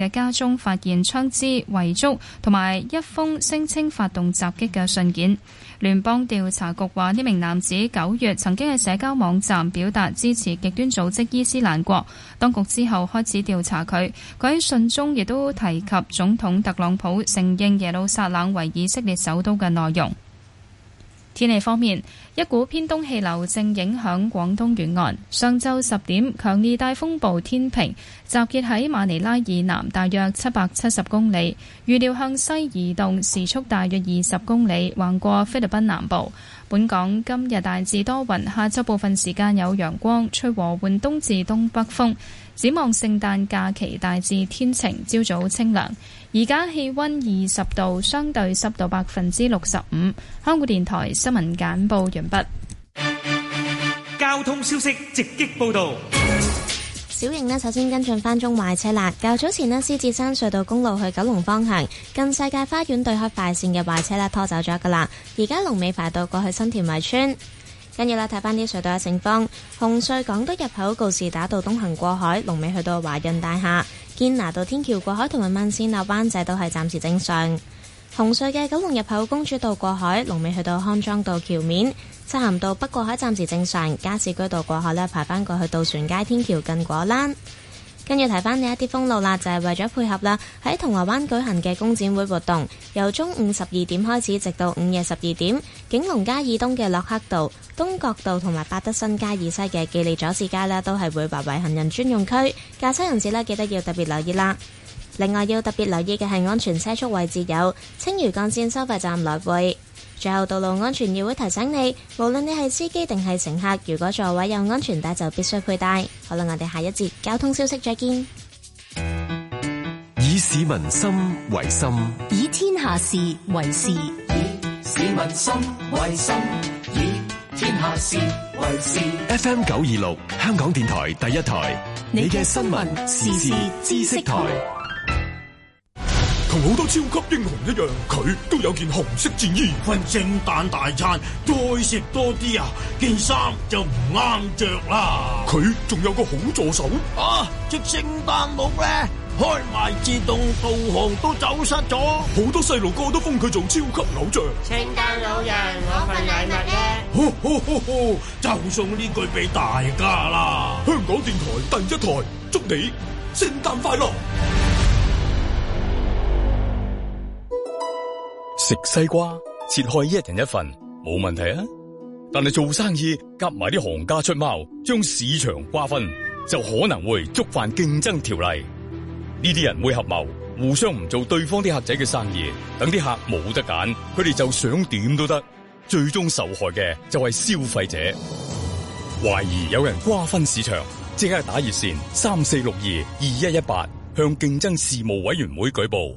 嘅家中發現槍支、遺囑同埋一封聲稱發動襲擊嘅信件。聯邦調查局話呢名男子九月曾經喺社交網站表達支持極端組織伊斯蘭國，當局之後開始調查佢。佢喺信中亦都提及總統特朗普承認耶路撒冷為以色列首都嘅內容。天氣方面，一股偏東氣流正影響廣東沿岸。上晝十點，強烈熱帶風暴天平集結喺馬尼拉以南大約七百七十公里，預料向西移動，時速大約二十公里，橫過菲律賓南部。本港今日大致多雲，下晝部分時間有陽光，吹和緩東至東北風。展望聖誕假期大致天晴，朝早清涼。而家氣溫二十度，相對濕度百分之六十五。香港電台新聞簡報完畢。交通消息直擊報道。小瑩呢，首先跟進翻中壞車啦。較早前呢，獅子山隧道公路去九龍方向，近世界花園對開快線嘅壞車呢，拖走咗噶啦。而家龍尾排到過去新田圍村。跟住啦，睇翻啲隧道嘅情況。紅隧港島入口告士打道東行過海，龍尾去到華潤大廈；堅拿道天橋過海同埋慢線落灣仔都係暫時正常。紅隧嘅九龍入口公主道過海，龍尾去到康莊道橋面，漆咸道北過海暫時正常。加士居道過海呢排返過去渡船街天橋近果欄。跟住睇翻呢一啲封路啦，就係為咗配合啦，喺銅鑼灣舉行嘅工展會活動，由中午十二點開始，直到午夜十二點，景隆街以東嘅洛克道、東角道同埋百德新街以西嘅記利佐治街呢，都係會劃為行人專用區，駕車人士呢，記得要特別留意啦。另外要特別留意嘅係安全車速位置有青嶼幹線收費站來回。最後，道路安全議會提醒你，無論你係司機定係乘客，如果座位有安全帶，就必須佩戴。好啦，我哋下一節交通消息再見。以市民心為心，以天下事為事。以市民心為心，以天下事為事。F M 九二六，香港電台第一台，你嘅新聞時事知識台。同好多超級英雄一樣，佢都有件紅色戰衣。份聖誕大餐再食多啲啊，件衫就唔啱着啦。佢仲有個好助手啊，即聖誕帽咧，開埋自動導航都走失咗。好多細路哥都封佢做超級偶像。聖誕老人，攞份禮物咧， 就送呢句俾大家啦。香港電台第一台，祝你聖誕快樂。食西瓜，切開一人一份冇問題啊，但係做生意夾埋啲行家出貓，將市場瓜分就可能會觸犯競爭條例。呢啲人會合謀，互相唔做對方啲客仔嘅生意，等啲客冇得揀，佢哋就想點都得。最終受害嘅就係消費者。懷疑有人瓜分市場，即刻打熱線三四六二二一一八向競爭事務委員會舉報。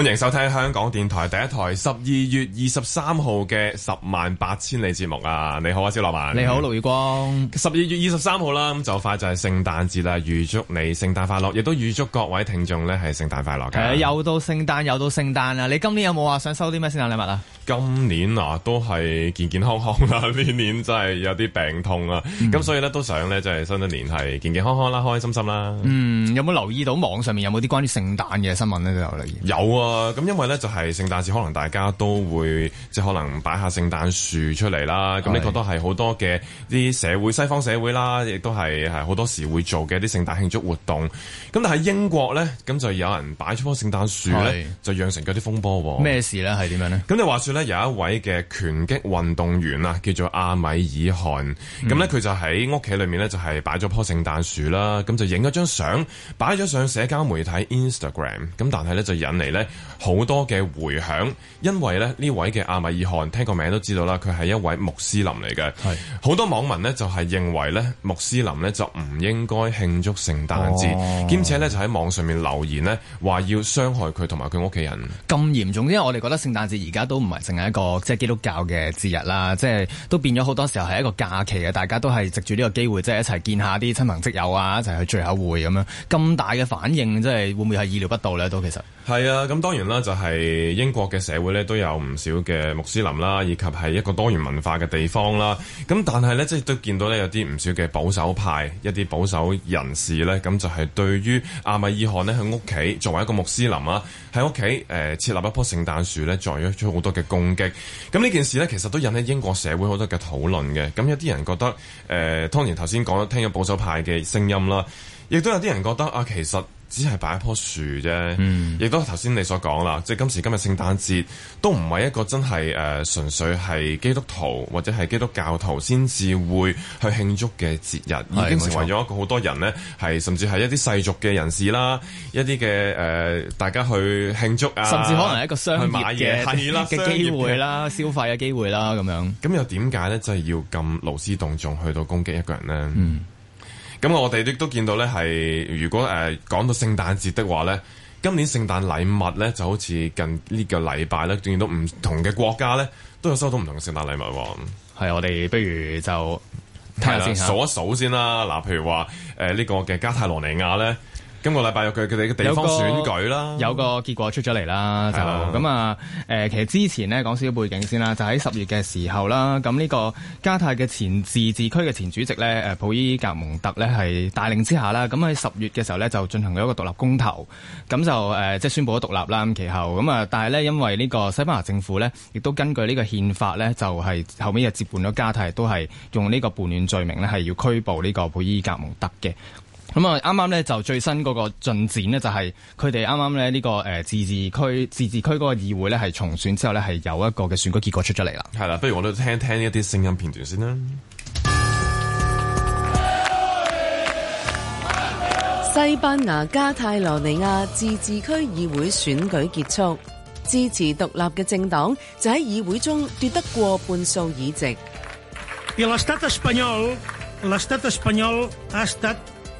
歡迎收睇香港電台第一台十二月二十三號嘅十萬八千里節目啊！你好啊，蕭樂文，你好，盧宇光。十二月二十三號啦，咁就快就係聖誕節啦，預祝你聖誕快樂，亦都預祝各位聽眾咧係聖誕快樂嘅。又、嗯、到聖誕，又到聖誕啦！你今年有冇話想收啲咩聖誕禮物啊？今年啊，都係健健康康啦，呢年真係有啲病痛啊，咁、嗯、所以咧都想咧，就係、是、新一年係健健康康啦，開開心心啦。嗯，有冇留意到網上面有冇啲關於聖誕嘅新聞咧？都有留意。有啊，咁因為咧就係聖誕節，可能大家都會即係、就是、可能擺下聖誕樹出嚟啦。咁你覺得係好多嘅啲社會西方社會啦，亦都係係好多時會做嘅一啲聖誕慶祝活動。咁但係英國咧，咁就有人擺咗棵聖誕樹咧，是就釀成咗啲風波。咩事咧？係點樣咧？咁你話說有一位嘅拳擊運動員啊，叫做阿米爾汗，咁咧佢就喺屋企裏面咧就係擺咗棵聖誕樹啦，咁就影咗張相，擺咗上社交媒體 Instagram，咁但係咧就引嚟咧好多嘅回響，因為咧呢位嘅阿米爾汗聽個名都知道啦，佢係一位穆斯林嚟嘅，係好是多網民咧就係認為咧穆斯林咧就唔應該慶祝聖誕節，兼、哦、且咧就喺網上面留言咧話要傷害佢同埋佢屋企人，咁嚴重，因為我哋覺得聖誕節而家都唔係。成一個即係基督教嘅節日啦，即係都變咗好多時候係一個假期啊！大家都係藉住呢個機會，即係一齊見一下啲親朋戚友啊，一齊去聚下會咁樣。咁大嘅反應，即係會唔會係意料不到咧？都其實係啊，咁當然啦，就係、是、英國嘅社會咧都有唔少嘅穆斯林啦，以及係一個多元文化嘅地方啦。咁但係咧，即、就、係、是、都見到咧有啲唔少嘅保守派、一啲保守人士咧，咁就係、是、對於阿米爾汗呢，喺屋企作為一個穆斯林啊，喺屋企誒設立一棵聖誕樹咧，作咗出好多嘅。攻擊咁，呢件事呢，其實都引起英國社會好多嘅討論嘅。咁有啲人覺得，誒、呃，當然頭先講咗聽咗保守派嘅聲音啦。亦都有啲人覺得啊，其實只係擺一棵樹啫。亦都頭先你所講啦，即係今時今日聖誕節都唔係一個真係誒純粹係基督徒或者係基督教徒先至會去慶祝嘅節日，已經成為咗一個好多人呢，係甚至係一啲世俗嘅人士啦，一啲嘅誒大家去慶祝啊，甚至可能係一個商業嘅機會啦、消費嘅機會啦咁樣。咁又點解呢？就係要咁勞師動眾去到攻擊一個人呢？咁我哋亦都見到咧，係如果誒講，呃、到聖誕節的話咧，今年聖誕禮物咧就好似近呢個禮拜咧，見到唔同嘅國家咧都有收到唔同嘅聖誕禮物。係，我哋不如就睇下先，數一數先啦。嗱，呃，譬如話誒呢個嘅加泰羅尼亞咧。今個禮拜有佢哋嘅地方選舉啦，有個結果出咗嚟啦，就咁啊，誒的，其實之前呢，講少少背景先啦，就喺十月嘅時候啦，咁呢個加泰嘅前自治區嘅前主席咧，誒，普伊格蒙特咧係帶領之下啦，咁喺十月嘅時候咧就進行咗一個獨立公投，咁就誒即係宣布咗獨立啦，咁其後咁啊，但係咧因為呢個西班牙政府咧，亦都根據呢個憲法咧，就係、是、後尾又接換咗加泰，都係用呢個叛亂罪名咧係要拘捕呢個普伊格蒙特嘅。咁啊，啱啱咧就最新嗰個進展呢、這個，就係佢哋啱啱咧呢個誒自治區自治區嗰個議會咧，係重選之後咧，係有一個嘅選舉結果出咗嚟啦。係啦，不如我都聽聽一啲聲音片段先啦。西班牙加泰羅尼亞自治區議會選舉結束，支持獨立嘅政黨就喺議會中奪得過半數議席。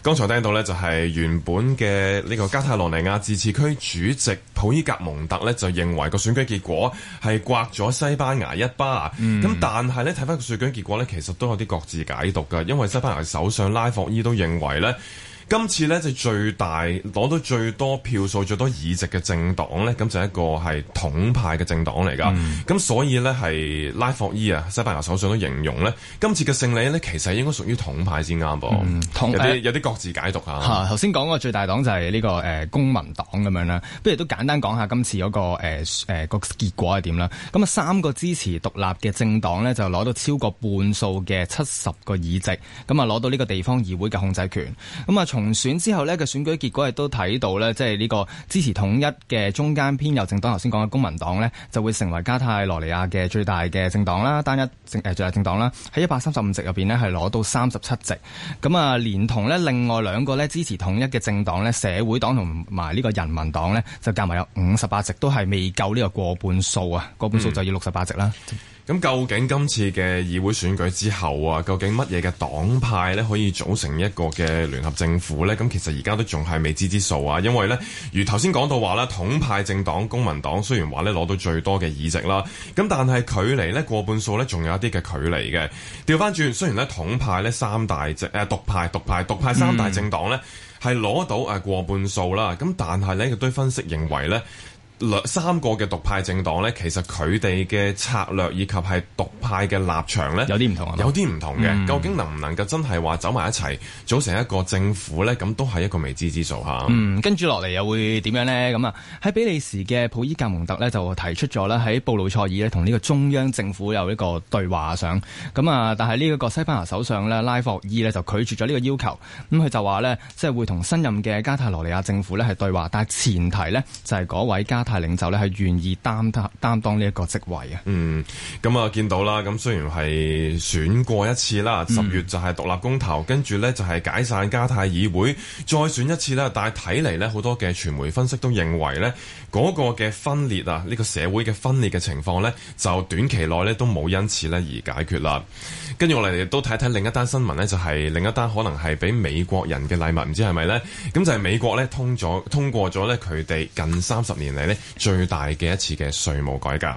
剛才聽到咧，就係原本嘅呢個加泰羅尼亞自治區主席普伊格蒙特咧，就認為個選舉結果係刮咗西班牙一巴。咁、嗯、但係咧，睇翻個選舉結果咧，其實都有啲各自解讀噶，因為西班牙首相拉霍伊都認為咧。今次呢就最大攞到最多票數、最多議席嘅政黨呢，咁就一個係統派嘅政黨嚟㗎。咁、嗯、所以呢，係拉霍伊啊，西班牙首相都形容呢，今次嘅勝利呢，其實應該屬於統派先啱噃。有啲各自解讀吓。吓頭先講個最大黨就係呢、這個誒、呃、公民黨咁樣啦。不如都簡單講下今次嗰、那個誒誒、呃呃、結果係點啦。咁啊三個支持獨立嘅政黨呢，就攞到超過半數嘅七十個議席，咁啊攞到呢個地方議會嘅控制權。咁啊重選之後咧嘅選舉結果，亦都睇到咧，即係呢個支持統一嘅中間偏右政黨，頭先講嘅公民黨咧，就會成為加泰羅尼亞嘅最大嘅政黨啦。單一政誒、呃、最大政黨啦，喺一百三十五席入邊呢，係攞到三十七席咁啊，連同咧另外兩個咧支持統一嘅政黨咧，社會黨同埋呢個人民黨咧，就夾埋有五十八席，都係未夠呢個過半數啊。過半數就要六十八席啦。嗯咁究竟今次嘅議會選舉之後啊，究竟乜嘢嘅黨派咧可以組成一個嘅聯合政府咧？咁其實而家都仲係未知之數啊！因為咧，如頭先講到話咧，統派政黨公民黨雖然話咧攞到最多嘅議席啦，咁但係距離咧過半數咧仲有一啲嘅距離嘅。調翻轉，雖然咧統派咧三大政誒獨派、獨派、獨派、派三大政黨咧係攞到誒過半數啦，咁但係咧佢堆分析認為咧。三個嘅獨派政黨呢，其實佢哋嘅策略以及係獨派嘅立場呢，有啲唔同啊，有啲唔同嘅，嗯、究竟能唔能夠真係話走埋一齊組成一個政府呢？咁都係一個未知之數嚇。嗯，跟住落嚟又會點樣呢？咁啊，喺比利時嘅普伊格蒙特呢，就提出咗呢，喺布魯塞爾呢，同呢個中央政府有呢個對話上咁啊，但係呢一個西班牙首相呢，拉霍伊呢，就拒絕咗呢個要求。咁佢就話呢，即係會同新任嘅加泰羅尼亞政府呢係對話，但係前提呢，就係嗰位加。派領袖咧係願意擔擔擔當呢一個職位啊。嗯，咁啊見到啦，咁雖然係選過一次啦，十月就係獨立公投，跟住咧就係解散加泰議會，再選一次啦。但係睇嚟咧好多嘅傳媒分析都認為咧，嗰個嘅分裂啊，呢、呢個社會嘅分裂嘅情況咧，就短期內咧都冇因此咧而解決啦。跟住我哋都睇睇另一單新聞咧，就係另一單可能係俾美國人嘅禮物，唔知係咪咧？咁就係美國咧通咗通過咗咧，佢哋近三十年嚟咧最大嘅一次嘅稅務改革。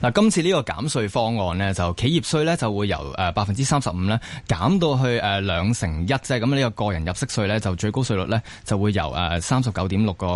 嗱，今次呢個減稅方案呢，就企業稅咧就會由誒百分之三十五咧減到去誒兩成一，即係咁呢個個人入息稅咧就最高稅率咧就會由誒三十九點六個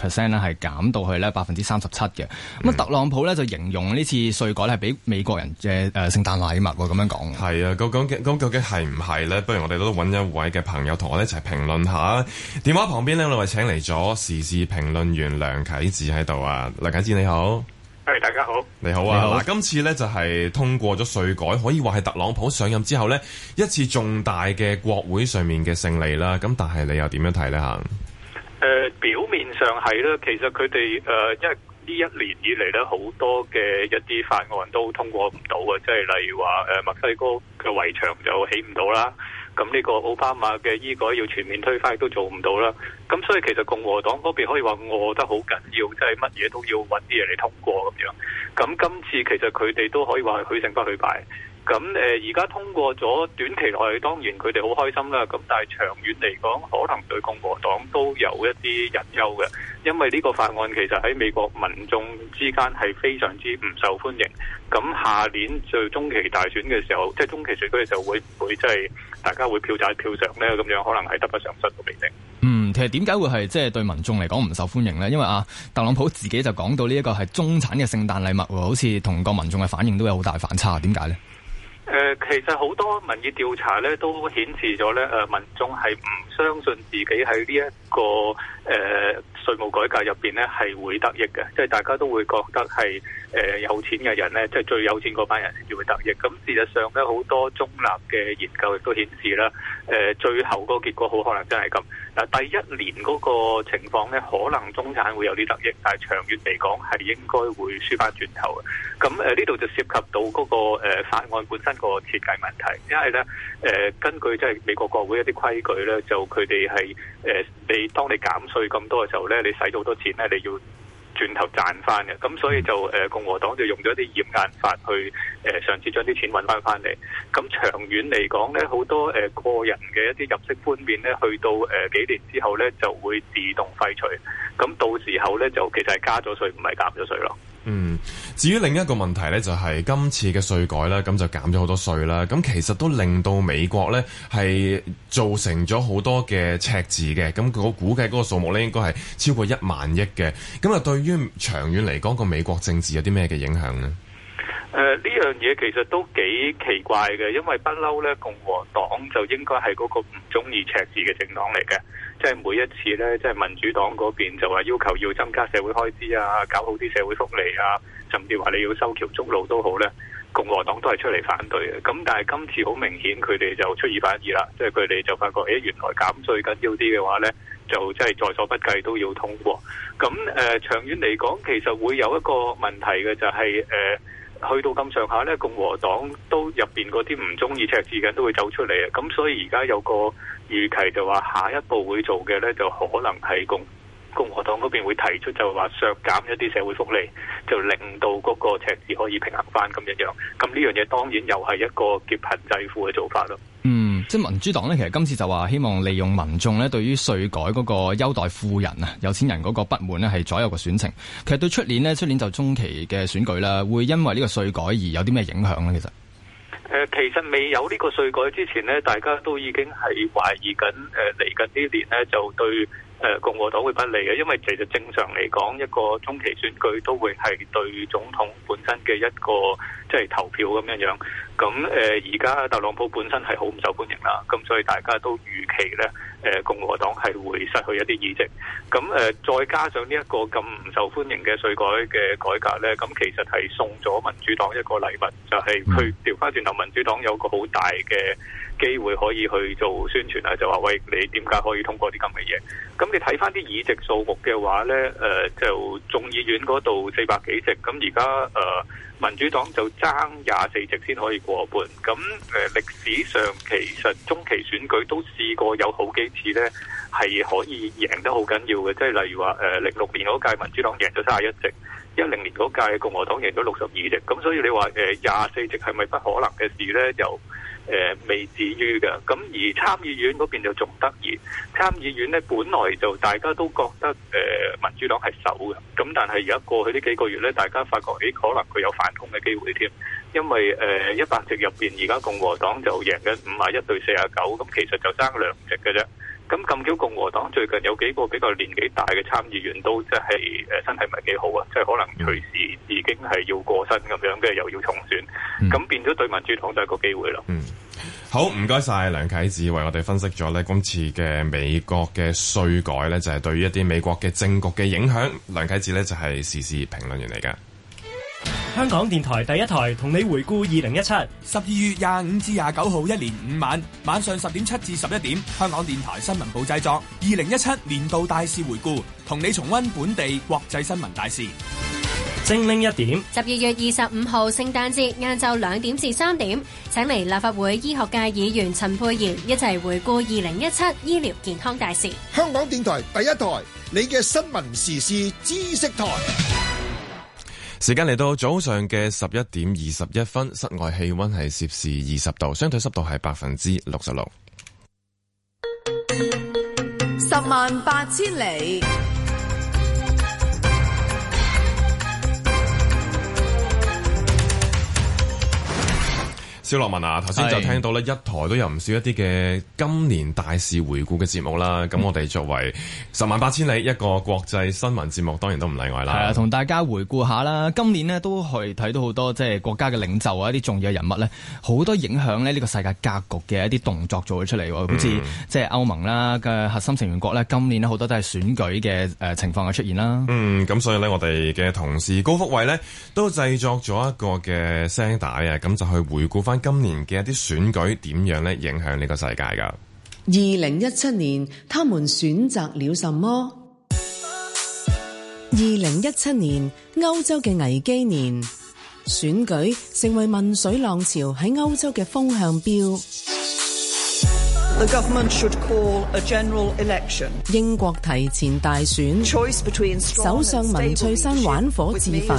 percent 咧係減到去咧百分之三十七嘅。咁啊，嗯、特朗普咧就形容呢次稅改係俾美國人嘅誒聖誕禮物喎，咁樣講。係啊，咁咁咁究竟係唔係咧？不如我哋都揾一位嘅朋友同我哋一齊評論下。電話旁邊呢，我哋請嚟咗時事評論員梁啟智喺度啊，梁啟智你好。誒，大家好，你好啊！嗱好，啦今次呢就係、是、通過咗稅改，可以話係特朗普上任之後呢一次重大嘅國會上面嘅勝利啦。咁但係你又點樣睇呢？吓？誒，表面上係啦，其實佢哋誒，因為呢一年以嚟呢好多嘅一啲法案都通過唔到嘅，即係例如話誒、呃，墨西哥嘅圍牆就起唔到啦。咁呢個奧巴馬嘅醫改要全面推翻，都做唔到啦。咁所以其實共和黨嗰邊可以話餓得好緊要，即係乜嘢都要揾啲嘢嚟通過咁樣。咁今次其實佢哋都可以話係許勝不許敗。咁誒，而家通過咗短期內，當然佢哋好開心啦。咁但係長遠嚟講，可能對共和黨都有一啲隱憂嘅，因為呢個法案其實喺美國民眾之間係非常之唔受歡迎。咁下年最中期大選嘅時候，即係中期選舉嘅時候，會唔會即係大家會票債票償呢？咁樣可能係得不償失都未定。嗯，其實點解會係即係對民眾嚟講唔受歡迎呢？因為啊，特朗普自己就講到呢一個係中產嘅聖誕禮物，好似同個民眾嘅反應都有好大反差，點解呢？誒、呃，其實好多民意調查咧，都顯示咗咧，誒、呃，民眾係唔相信自己喺呢一個誒。呃稅務改革入邊咧，係會得益嘅，即係大家都會覺得係誒有錢嘅人咧，即係最有錢嗰班人先至會得益。咁事實上呢，好多中立嘅研究亦都顯示啦，誒最後個結果好可能真係咁。嗱，第一年嗰個情況呢，可能中產會有啲得益，但係長遠嚟講係應該會輸翻轉頭嘅。咁誒呢度就涉及到嗰個法案本身個設計問題，因為呢，誒根據即係美國國會一啲規矩呢，就佢哋係誒你當你減稅咁多嘅時候你使咗好多錢咧，你要轉頭賺翻嘅，咁所以就誒、呃、共和黨就用咗啲嚴硬法去誒，上次將啲錢揾翻翻嚟，咁長遠嚟講咧，好多誒、呃、個人嘅一啲入息寬免咧，去到誒、呃、幾年之後咧，就會自動廢除，咁到時候咧就其實係加咗稅，唔係減咗稅咯。嗯，至於另一個問題呢，就係今次嘅稅改啦，咁就減咗好多稅啦。咁其實都令到美國呢係造成咗好多嘅赤字嘅。咁我估計嗰個數目呢應該係超過一萬億嘅。咁啊，對於長遠嚟講，個美國政治有啲咩嘅影響呢？誒，呢樣嘢其實都幾奇怪嘅，因為不嬲咧，共和黨就應該係嗰個唔中意赤字嘅政黨嚟嘅。即係每一次咧，即係民主黨嗰邊就話要求要增加社會開支啊，搞好啲社會福利啊，甚至話你要修橋築路都好咧，共和黨都係出嚟反對嘅。咁、嗯、但係今次好明顯，佢哋就出二反二出爾反爾啦，即係佢哋就發覺，誒、哎，原來減稅緊要啲嘅話咧，就即係在所不計都要通過。咁、嗯、誒、呃，長遠嚟講，其實會有一個問題嘅、就是，就係誒。去到咁上下呢，共和黨都入邊嗰啲唔中意赤字嘅都會走出嚟啊，咁所以而家有個預期就話下一步會做嘅呢，就可能係共。共和黨嗰邊會提出就話削減一啲社會福利，就令到嗰個赤字可以平衡翻咁樣樣。咁呢樣嘢當然又係一個劫貧濟富嘅做法咯。嗯，即係民主黨呢，其實今次就話希望利用民眾咧對於稅改嗰個優待富人啊、有錢人嗰個不滿咧，係左右個選情。其實對出年呢，出年就中期嘅選舉啦，會因為呢個稅改而有啲咩影響呢？其實誒、呃，其實未有呢個稅改之前呢，大家都已經係懷疑緊誒嚟緊呢年呢，就對。誒共和黨會不利嘅，因為其實正常嚟講，一個中期選舉都會係對總統本身嘅一個即係、就是、投票咁樣樣。咁誒而家特朗普本身係好唔受歡迎啦，咁所以大家都預期咧，誒、呃、共和黨係會失去一啲議席。咁誒、呃、再加上呢一個咁唔受歡迎嘅稅改嘅改革咧，咁其實係送咗民主黨一個禮物，就係佢調翻轉頭，民主黨有個好大嘅。機會可以去做宣傳啊，就話喂，你點解可以通過啲咁嘅嘢？咁你睇翻啲議席數目嘅話呢，誒、呃，就眾議院嗰度四百幾席，咁而家誒民主黨就爭廿四席先可以過半。咁誒、呃、歷史上其實中期選舉都試過有好幾次呢，係可以贏得好緊要嘅。即係例如話誒零六年嗰屆民主黨贏咗三十一席，一零年嗰屆共和黨贏咗六十二席。咁所以你話誒廿四席係咪不，不可能嘅事呢？就誒、呃、未至於嘅，咁而參議院嗰邊就仲得意。參議院呢，本來就大家都覺得誒、呃、民主黨係守嘅，咁但係而家過去呢幾個月呢，大家發覺誒、欸、可能佢有反攻嘅機會添，因為誒一百席入邊，而家共和黨就贏緊五十一對四十九，咁其實就爭兩席嘅啫。咁，禁朝共和黨最近有幾個比較年紀大嘅參議員都即係誒，身體唔係幾好啊，即係可能隨時已經係要過身咁樣嘅，又要重選，咁、嗯、變咗對民主黨就係個機會咯。嗯，好，唔該晒梁啟智為我哋分析咗呢。今次嘅美國嘅稅改呢，就係對於一啲美國嘅政局嘅影響。梁啟智呢，就係時事評論員嚟㗎。香港電台第一台同你回顧二零一七十二月廿五至廿九號，一年五晚，晚上十點七至十一點，香港電台新聞部製作二零一七年度大事回顧，同你重温本地國際新聞大事。精靈一點，十二月二十五號聖誕節晏晝兩點至三點，請嚟立法會醫學界議員陳沛然一齊回顧二零一七醫療健康大事。香港電台第一台，你嘅新聞時事知識台。時間嚟到早上嘅十一點二十一分，室外氣溫係攝氏二十度，相對濕度係百分之六十六。十萬八千里。蕭樂文啊，頭先就聽到咧，一台都有唔少一啲嘅今年大事回顧嘅節目啦。咁我哋作為十萬八千里一個國際新聞節目，當然都唔例外啦。係啊，同大家回顧下啦，今年呢都係睇到好多即係國家嘅領袖啊，一啲重要嘅人物咧，好多影響咧呢個世界格局嘅一啲動作做咗出嚟，好似即係歐盟啦嘅核心成員國咧，今年咧好多都係選舉嘅誒、呃、情況嘅出現啦。嗯，咁所以呢，我哋嘅同事高福衛呢，都製作咗一個嘅聲帶啊，咁就去回顧翻。今年嘅一啲選舉點樣咧影響呢個世界噶？二零一七年，他們選擇了什麼？二零一七年，歐洲嘅危機年，選舉成為民粹浪潮喺歐洲嘅風向標。The government should call a general election。英國提前大選，首相文翠珊玩火自焚。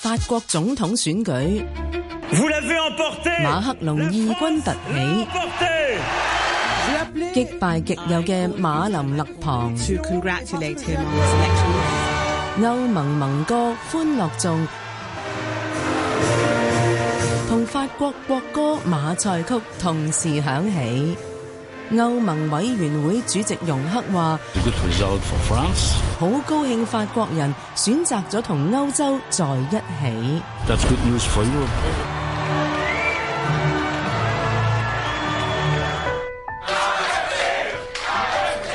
法國總統選舉，馬克龍異軍突起，擊敗極右嘅馬林勒龐，歐盟盟歌歡樂頌同法國國歌馬賽曲同時響起。歐盟委員會主席容克話：好高興法國人選擇咗同歐洲在一起。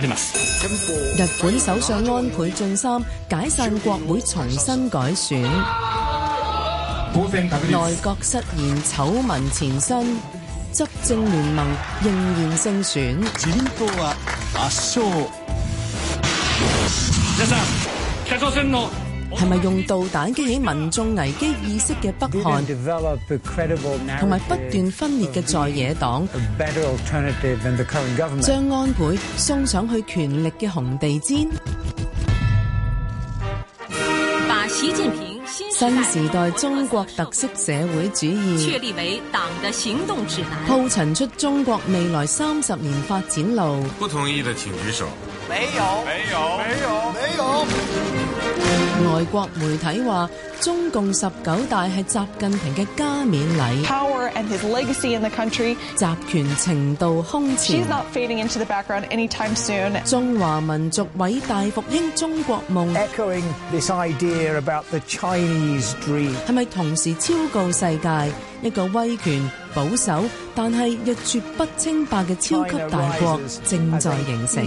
日本首相安倍晉三解散國會重新改選，內閣失言醜聞纏身，執政聯盟仍然勝選。係咪用導彈激起民眾危機意識嘅北韓，同埋不斷分裂嘅在野黨，將、so、安倍送上去權力嘅紅地氈。把習近平新時代中國特色社會主義確立為黨的行動指南，鋪陳出中國未來三十年發展路。不同意的請舉手。沒有，沒有，沒有，沒有。沒有。外國媒體話，中共十九大係習近平嘅加冕禮，集權程度空前。中華民族偉大復興中國夢，係咪同時超告世界一個威權保守但係又絕不稱霸嘅超級大國正在形成？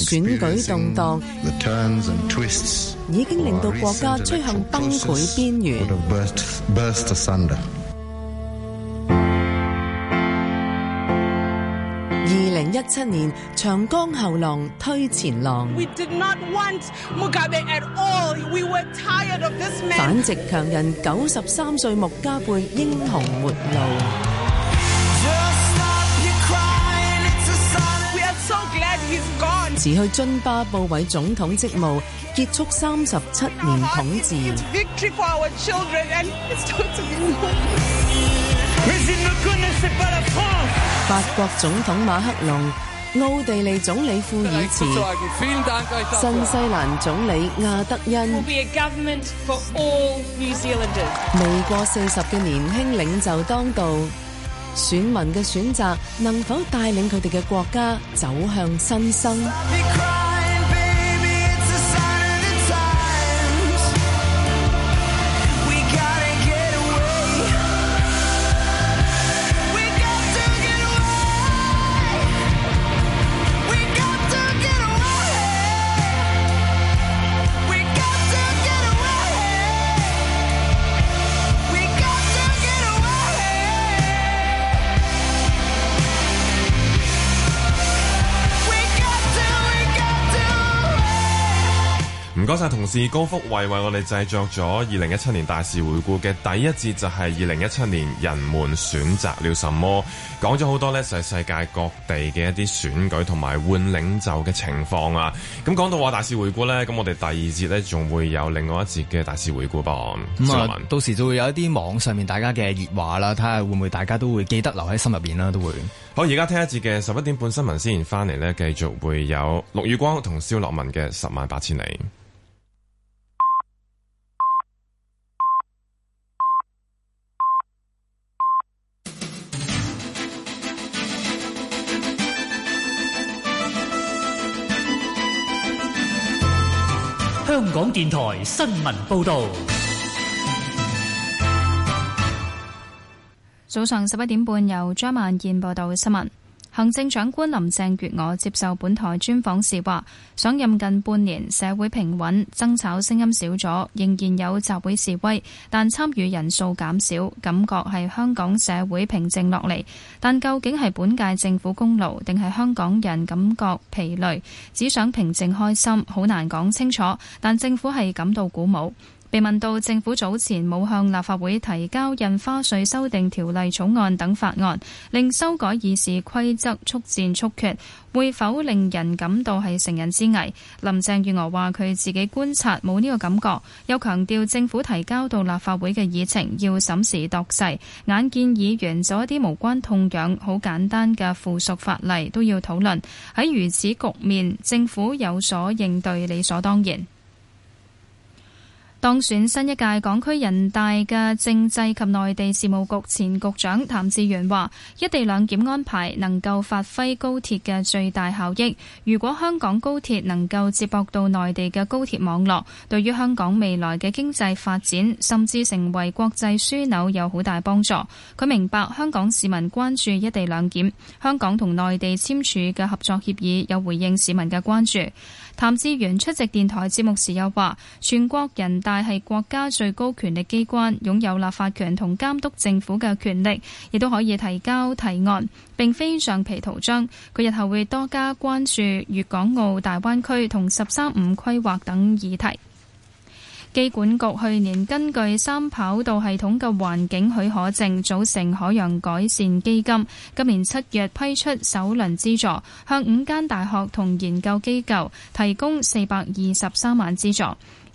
選舉動盪，已經令到國家趨向崩潰邊緣。二零一七年，長江後浪推前浪，反殖強人九十三歲穆加貝英雄末路。辭去津巴布韋總統職務，結束三十七年統治。法國總統馬克龍、奧地利總理庫爾茨、新西蘭總理亞德恩，未過四十嘅年輕領袖當道。選民嘅選擇能否帶領佢哋嘅國家走向新生？多謝晒同事高福慧為我哋製作咗二零一七年大事回顧嘅第一節，就係二零一七年人們選擇了什麼，講咗好多咧，就係世界各地嘅一啲選舉同埋換領袖嘅情況啊。咁講到話大事回顧咧，咁我哋第二節咧仲會有另外一節嘅大事回顧噃。嗯、文到時就會有一啲網上面大家嘅熱話啦，睇下會唔會大家都會記得留喺心入邊啦，都會好。而家聽一節嘅十一點半新聞先，翻嚟咧繼續會有陸宇光同蕭樂文嘅十萬八千里。香港電台新聞報道。早上十一點半，由張萬燕報道新聞。行政長官林鄭月娥接受本台專訪時話：上任近半年，社會平穩，爭吵聲音少咗，仍然有集會示威，但參與人數減少，感覺係香港社會平靜落嚟。但究竟係本屆政府功勞，定係香港人感覺疲累，只想平靜開心，好難講清楚。但政府係感到鼓舞。被問到政府早前冇向立法會提交印花稅修訂條例草案等法案，令修改議事規則速戰速決，會否令人感到係乘人之危？林鄭月娥話：佢自己觀察冇呢個感覺，又強調政府提交到立法會嘅議程要審時度勢，眼見議員做一啲無關痛癢、好簡單嘅附屬法例都要討論，喺如此局面，政府有所應對理所當然。當選新一屆港區人大嘅政制及內地事務局前局長譚志源話：一地兩檢安排能夠發揮高鐵嘅最大效益。如果香港高鐵能夠接駁到內地嘅高鐵網絡，對於香港未來嘅經濟發展，甚至成為國際樞紐有好大幫助。佢明白香港市民關注一地兩檢，香港同內地簽署嘅合作協議有回應市民嘅關注。譚志源出席電台節目時又話，全國人大係國家最高權力機關，擁有立法權同監督政府嘅權力，亦都可以提交提案，並非橡皮圖章。佢日後會多加關注粵港澳大灣區同十三五規劃等議題。機管局去年根據三跑道系統嘅環境許可證，組成海洋改善基金。今年七月批出首輪資助，向五間大學同研究機構提供四百二十三萬資助。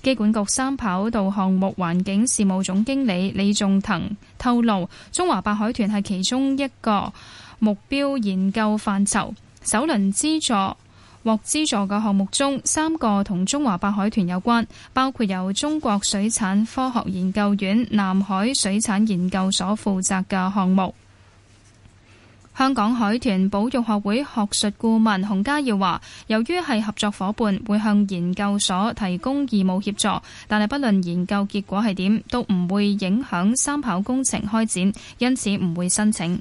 機管局三跑道項目環境事務總經理李仲騰透露，中華白海豚係其中一個目標研究範疇。首輪資助。獲資助嘅項目中，三個同中華白海豚有關，包括由中國水產科學研究院南海水產研究所負責嘅項目。香港海豚保育學會學術顧問洪家耀話，由於係合作伙伴會向研究所提供義務協助，但係不論研究結果係點，都唔會影響三跑工程開展，因此唔會申請。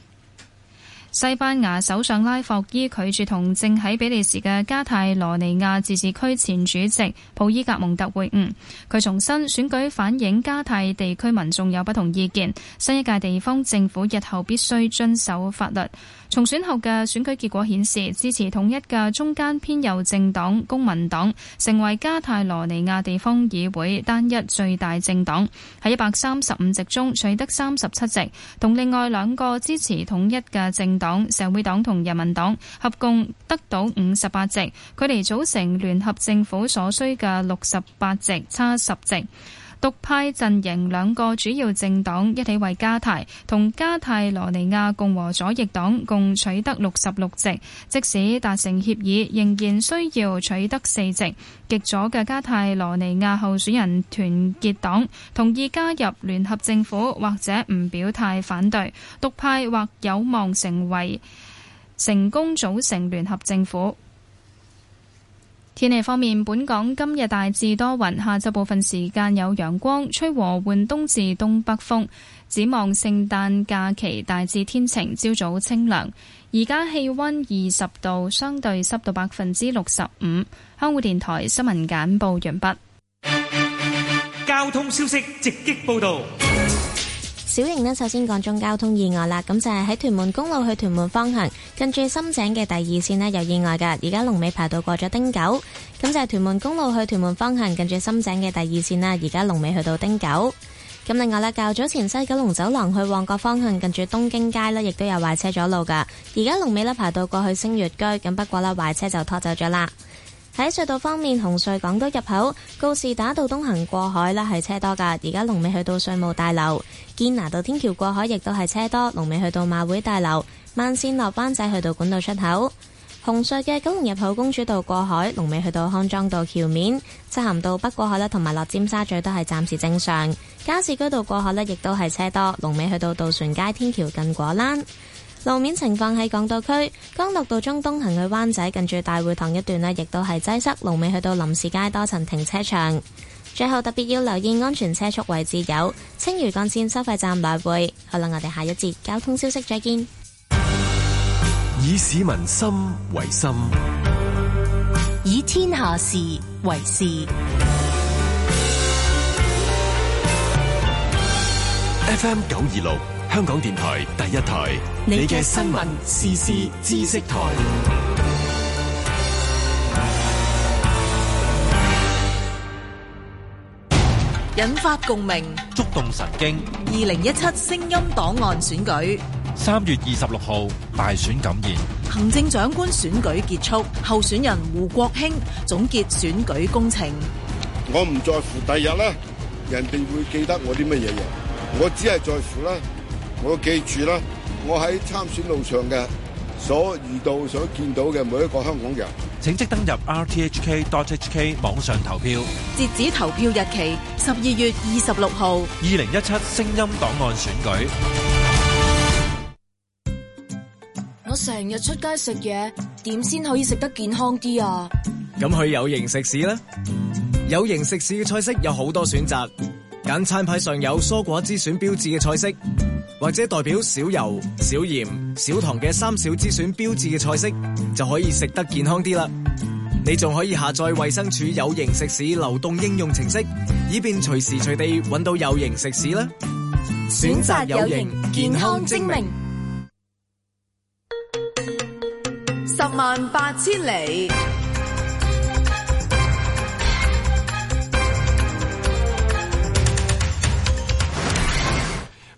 西班牙首相拉霍伊拒絕同正喺比利時嘅加泰羅尼亞自治區前主席普伊格蒙特會晤。佢重申選舉反映加泰地區民眾有不同意見，新一屆地方政府日後必須遵守法律。重選後嘅選舉結果顯示，支持統一嘅中間偏右政黨公民黨成為加泰羅尼亞地方議會單一最大政黨，喺一百三十五席中取得三十七席，同另外兩個支持統一嘅政黨社會黨同人民黨合共得到五十八席，距離組成聯合政府所需嘅六十八席差十席。獨派陣營兩個主要政黨一起為加泰同加泰羅尼亞共和左翼黨共取得六十六席，即使達成協議，仍然需要取得四席。極左嘅加泰羅尼亞候選人團結黨同意加入聯合政府，或者唔表態反對。獨派或有望成為成功組成聯合政府。天氣方面，本港今日大致多雲，下晝部分時間有陽光，吹和緩東至東北風。展望聖誕假期大致天晴，朝早清涼。而家氣温二十度，相對濕度百分之六十五。香港電台新聞簡報完畢。交通消息直擊報道。小型呢，首先講中交通意外啦，咁就係喺屯門公路去屯門方向，近住深井嘅第二線呢，有意外噶，而家龍尾排到過咗丁九，咁就係屯門公路去屯門方向，近住深井嘅第二線啦，而家龍尾去到丁九。咁另外咧，較早前西九龍走廊去旺角方向，近住東京街咧，亦都有壞車阻路噶，而家龍尾呢，排到過去星月居，咁不過咧壞車就拖走咗啦。喺隧道方面，紅隧港島入口、告士打道東行過海呢係車多噶。而家龍尾去到稅務大樓、堅拿道天橋過海，亦都係車多。龍尾去到馬會大樓、慢綫落灣仔去到管道出口。紅隧嘅九龍入口公主道過海，龍尾去到康莊道橋面、漆咸道北過海啦，同埋落尖沙咀都係暫時正常。加士居道過海呢亦都係車多。龍尾去到渡船街天橋近果欄。路面情況喺港島區，干諾道中東行去灣仔，近住大會堂一段呢，亦都係擠塞，路尾去到林士街多層停車場。最後特別要留意安全車速位置有青嶼幹線收費站來回。好啦，我哋下一節交通消息再見。以市民心為心，以天下事為事。FM 九二六。香港電台第一台，你嘅新聞時事知識台，引發共鳴，觸動神經。二零一七聲音檔案選舉，三月二十六號大選感言，行政長官選舉結束，候選人胡國興總結選舉工程。我唔在乎第日咧，人哋會記得我啲乜嘢嘢，我只係在乎咧。我記住啦，我喺參選路上嘅所遇到、所見到嘅每一個香港人，請即登入 rthk.hk 網上投票。截止投票日期十二月二十六號，二零一七聲音檔案選舉。我成日出街食嘢，點先可以食得健康啲啊？咁去有形食肆啦，有形食肆嘅菜式有好多選擇，揀餐牌上有蔬果之選標誌嘅菜式。或者代表少油、少鹽、少糖嘅三少之選標誌嘅菜式，就可以食得健康啲啦。你仲可以下載衛生署有營食肆流動應用程式，以便隨時隨地揾到有營食肆啦。選擇有營，健康精明，十萬八千里。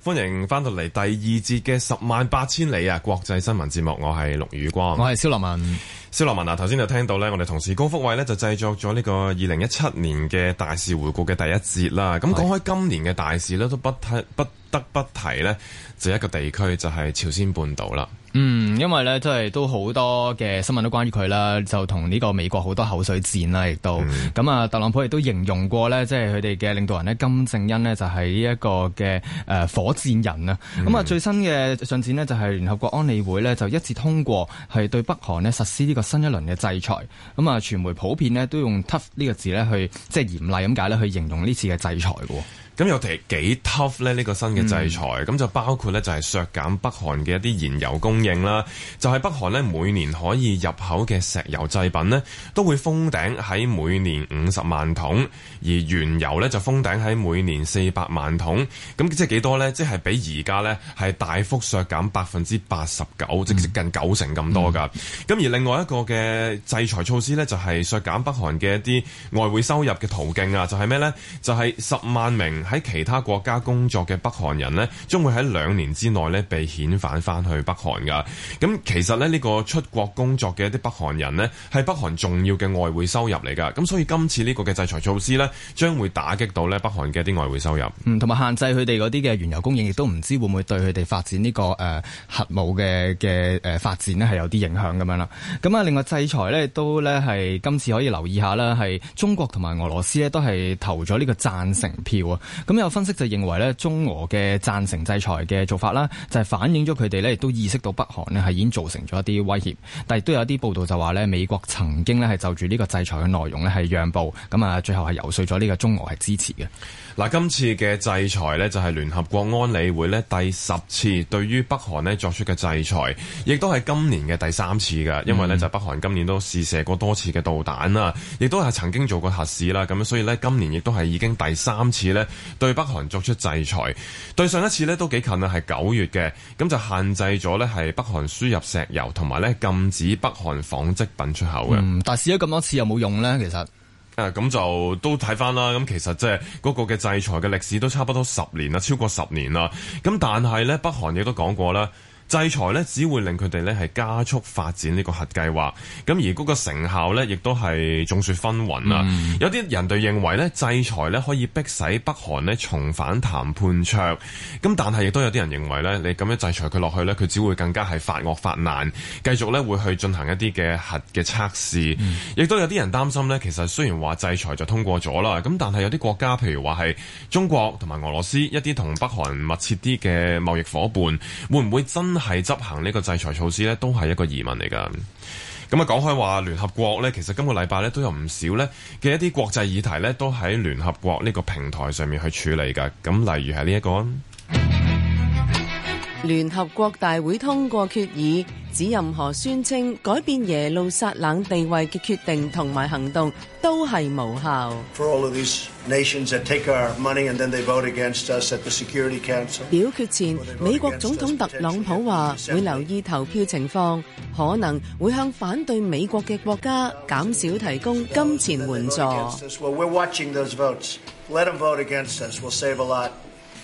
歡迎翻到嚟第二節嘅十萬八千里啊！國際新聞節目，我係陸宇光，我係蕭立文。蕭立文啊，頭先就聽到咧，我哋同事高福偉呢，就製作咗呢個二零一七年嘅大事回顧嘅第一節啦。咁講開今年嘅大事呢，都不太不。不得不提呢，就一個地區就係朝鮮半島啦。嗯，因為呢，即係都好多嘅新聞都關於佢啦，就同呢個美國好多口水戰啦，亦、嗯、都咁啊。特朗普亦都形容過呢，即係佢哋嘅領導人呢，金正恩呢，就係呢一個嘅誒火箭人啊。咁啊、嗯，最新嘅進展呢，就係聯合國安理會呢，就一致通過係對北韓呢實施呢個新一輪嘅制裁。咁啊，傳媒普遍呢，都用 tough 呢個字呢，去即係嚴厲咁解呢，去形容呢次嘅制裁嘅。咁有啲幾 tough 呢個新嘅制裁，咁就、嗯、包括呢，就係削減北韓嘅一啲燃油供應啦，就係、是、北韓呢，每年可以入口嘅石油製品呢，都會封頂喺每年五十萬桶，而原油呢，就封頂喺每年四百萬桶，咁即係幾多呢？即係比而家呢，係大幅削減百分之八十九，嗯、即係近九成咁多噶。咁、嗯、而另外一個嘅制裁措施呢，就係削減北韓嘅一啲外匯收入嘅途徑啊，就係、是、咩呢？就係、是、十萬名，喺其他國家工作嘅北韓人呢，將會喺兩年之內呢，被遣返翻去北韓㗎。咁其實呢，呢、呢個出國工作嘅一啲北韓人呢，係北韓重要嘅外匯收入嚟㗎。咁所以今次呢個嘅制裁措施呢，將會打擊到呢北韓嘅一啲外匯收入。嗯，同埋限制佢哋嗰啲嘅原油供應，亦都唔知會唔會對佢哋發展呢、呢個誒、呃、核武嘅嘅誒發展呢係有啲影響咁樣啦。咁啊，另外制裁呢，都呢係今次可以留意下啦，係中國同埋俄羅斯呢，都係投咗呢個贊成票啊。咁、嗯、有分析就認為咧，中俄嘅贊成制裁嘅做法啦，就係反映咗佢哋咧，亦都意識到北韓呢係已經造成咗一啲威脅。但係都有一啲報道就話呢，美國曾經呢係就住呢個制裁嘅內容呢係讓步，咁啊最後係游說咗呢個中俄係支持嘅。嗱，今次嘅制裁呢，就係聯合國安理會呢第十次對於北韓呢作出嘅制裁，亦都係今年嘅第三次噶，因為呢，就北韓今年都試射過多次嘅導彈啦，亦都係曾經做過核試啦，咁所以呢，今年亦都係已經第三次呢。對北韓作出制裁，對上一次咧都幾近啊，係九月嘅。咁就限制咗咧係北韓輸入石油，同埋咧禁止北韓紡織品出口嘅。嗯，但試咗咁多次有冇用咧？其實，啊，誒咁就都睇翻啦。咁其實即係嗰個嘅制裁嘅歷史都差不多十年啦，超過十年啦。咁但係咧，北韓亦都講過啦，制裁呢，只會令佢哋呢，係加速發展呢個核計劃。咁而嗰個成效呢，亦都係眾說紛紜啊！嗯、有啲人對認為呢，制裁呢可以逼使北韓呢重返談判桌。咁但係亦都有啲人認為呢，你咁樣制裁佢落去呢，佢只會更加係發惡發難，繼續呢會去進行一啲嘅核嘅測試。亦都、嗯、有啲人擔心呢，其實雖然話制裁就通過咗啦，咁但係有啲國家，譬如話係中國同埋俄羅斯一啲同北韓密切啲嘅貿易夥伴，會唔會真係執行呢個制裁措施呢，都係一個疑問嚟㗎。咁啊，講開話聯合國呢，其實今個禮拜呢都有唔少呢嘅一啲國際議題呢，都喺聯合國呢個平台上面去處理㗎。咁例如係呢一個。 聯合國大會通過決議，指任何宣稱改變耶路撒冷地位嘅決定同埋行動都係無效。For all of these nations that take our money and then they vote against us at the Security Council. 表決前，美國總統特朗普話會留意投票情況，可能會向反對美國嘅國家減少提供金錢援助。We're watching those votes. Let them vote against us. We'll save a lot.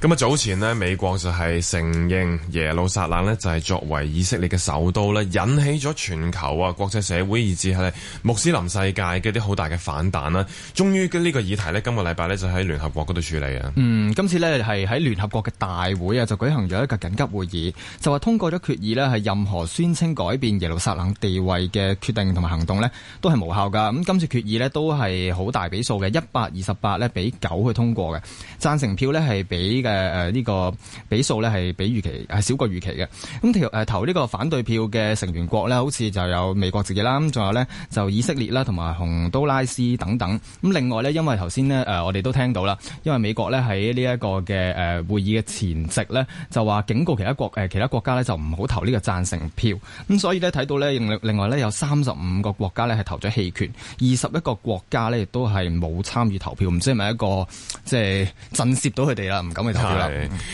咁啊，早前呢，美國就係承認耶路撒冷呢，就係作為以色列嘅首都呢，引起咗全球啊國際社會，以至係穆斯林世界嘅啲好大嘅反彈啦。終於，呢個議題呢，今個禮拜呢，就喺聯合國嗰度處理啊。嗯，今次呢，係喺聯合國嘅大會啊，就舉行咗一個緊急會議，就話通過咗決議呢，係任何宣稱改變耶路撒冷地位嘅決定同埋行動呢，都係無效噶。咁今次決議呢，都係好大比數嘅，一百二十八呢，比九去通過嘅，贊成票呢，係比誒誒，呢個比數咧係比預期係少過預期嘅。咁投呢個反對票嘅成員國呢，好似就有美國自己啦，咁仲有呢，就以色列啦，同埋洪都拉斯等等。咁另外呢，因為頭先呢，誒我哋都聽到啦，因為美國呢喺呢一個嘅誒會議嘅前夕呢，就話警告其他國誒其他國家呢，就唔好投呢個讚成票。咁所以呢，睇到呢，另外呢，有三十五個國家呢係投咗棄權，二十一個國家呢亦都係冇參與投票，唔知係咪一個即係震懾到佢哋啦，唔敢去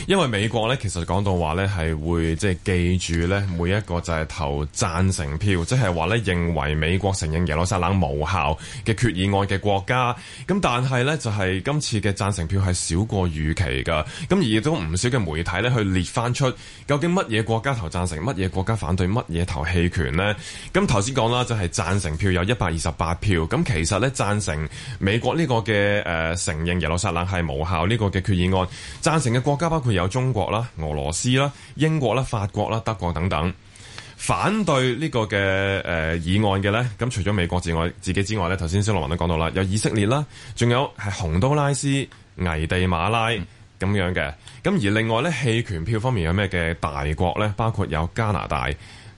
因為美國咧，其實講到話咧，係會即係記住咧，每一個就係投贊成票，即係話咧認為美國承認耶路撒冷無效嘅決議案嘅國家。咁但係呢，就係今次嘅贊成票係少過預期噶，咁而亦都唔少嘅媒體咧去列翻，出究竟乜嘢國家投贊成，乜嘢國家反對，乜嘢投棄權呢？咁頭先講啦，就係贊成票有一百二十八票。咁其實呢，贊成美國呢個嘅誒、呃、承認耶路撒冷係無效呢個嘅決議案成嘅國家包括有中國啦、俄羅斯啦、英國啦、法國啦、德國等等，反對呢個嘅誒議案嘅呢，咁除咗美國之外自己之外呢，頭先蕭樂文都講到啦，有以色列啦，仲有係洪都拉斯、危地馬拉咁樣嘅，咁而另外呢，棄權票方面有咩嘅大國呢？包括有加拿大、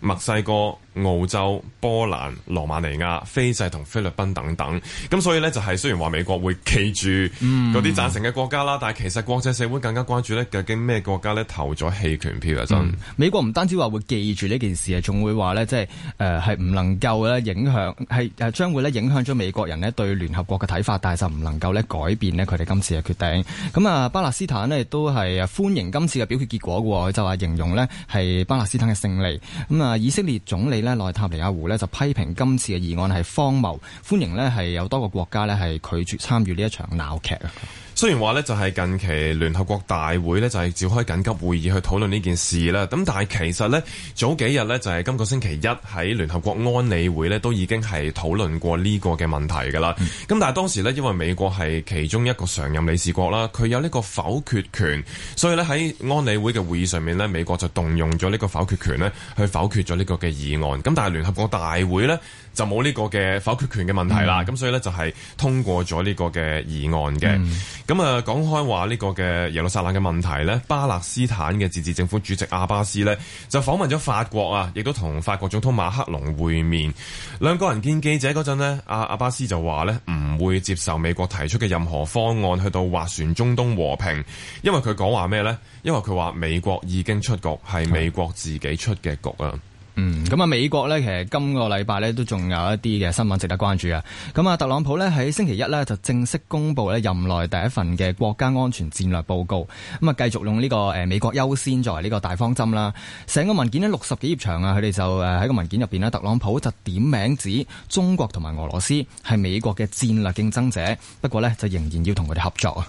墨西哥。澳洲、波蘭、羅馬尼亞、斐濟同菲律賓等等，咁所以呢，就係、是、雖然話美國會記住嗰啲贊成嘅國家啦，嗯、但係其實國際社會更加關注呢，究竟咩國家呢？投咗棄權票啊。嗯、美國唔單止話會記住呢件事啊，仲會話呢，即係誒係唔能夠咧影響係誒將會咧影響咗美國人呢對聯合國嘅睇法，但係就唔能夠咧改變呢佢哋今次嘅決定。咁啊巴勒斯坦呢亦都係啊歡迎今次嘅表決結果嘅，就話形容呢係巴勒斯坦嘅勝利。咁啊以色列總理內塔尼亞胡咧就批評今次嘅議案係荒謬，歡迎咧係有多個國家咧係拒絕參與呢一場鬧劇啊！雖然話咧就係近期聯合國大會咧就係召開緊急會議去討論呢件事啦，咁但係其實咧早幾日咧就係今個星期一喺聯合國安理會咧都已經係討論過呢個嘅問題噶啦，咁、嗯、但係當時咧因為美國係其中一個常任理事國啦，佢有呢個否決權，所以咧喺安理會嘅會議上面咧美國就動用咗呢個否決權咧去否決咗呢個嘅議案，咁但係聯合國大會咧，就冇呢個嘅否決權嘅問題啦，咁、嗯、所以呢，就係通過咗呢個嘅議案嘅。咁啊、嗯，講開話呢個嘅耶路撒冷嘅問題呢，巴勒斯坦嘅自治政府主席阿巴斯呢，就訪問咗法國啊，亦都同法國總統馬克龍會面。兩個人見記者嗰陣咧，阿阿巴斯就話呢，唔會接受美國提出嘅任何方案去到斡旋中東和平，因為佢講話咩呢？因為佢話美國已經出局，係美國自己出嘅局啊。嗯，咁啊，美國咧，其實今個禮拜咧都仲有一啲嘅新聞值得關注啊。咁啊，特朗普咧喺星期一咧就正式公布咧任內第一份嘅國家安全戰略報告，咁啊，繼續用呢個誒美國優先作為呢個大方針啦。成個文件咧六十幾頁長啊，佢哋就誒喺個文件入邊咧，特朗普就點名指中國同埋俄羅斯係美國嘅戰略競爭者，不過咧就仍然要同佢哋合作啊。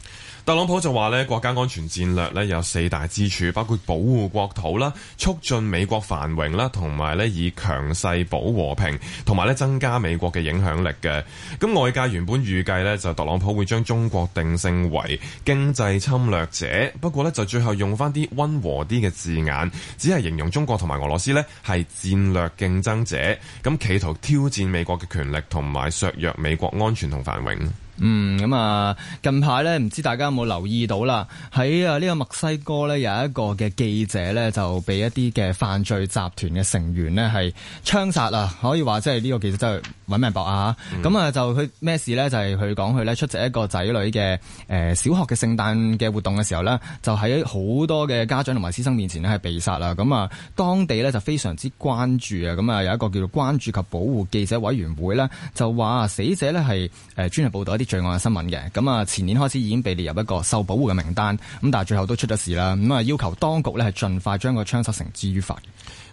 特朗普就話咧國家安全戰略咧有四大支柱，包括保護國土啦、促進美國繁榮啦，同埋咧以強勢保和平，同埋咧增加美國嘅影響力嘅。咁外界原本預計咧就特朗普會將中國定性為經濟侵略者，不過咧就最後用翻啲溫和啲嘅字眼，只係形容中國同埋俄羅斯咧係戰略競爭者，咁企圖挑戰美國嘅權力同埋削弱美國安全同繁榮。嗯，咁啊，近排咧，唔知大家有冇留意到啦？喺啊呢個墨西哥咧，有一個嘅記者咧，就被一啲嘅犯罪集團嘅成員咧係槍殺啦！可以話即係呢個記者真係揾命搏啊！吓、嗯，咁啊就佢咩事咧？就係佢講佢咧出席一個仔女嘅誒、呃、小學嘅聖誕嘅活動嘅時候咧，就喺好多嘅家長同埋師生面前咧係被殺啦！咁、嗯、啊，當地咧就非常之關注啊！咁、嗯、啊有一個叫做關注及保護記者委員會咧，就話死者咧係誒專業報道一啲。罪案嘅新聞嘅，咁啊，前年開始已經被列入一個受保護嘅名單，咁但係最後都出咗事啦，咁啊要求當局咧係盡快將個槍手繩之於法。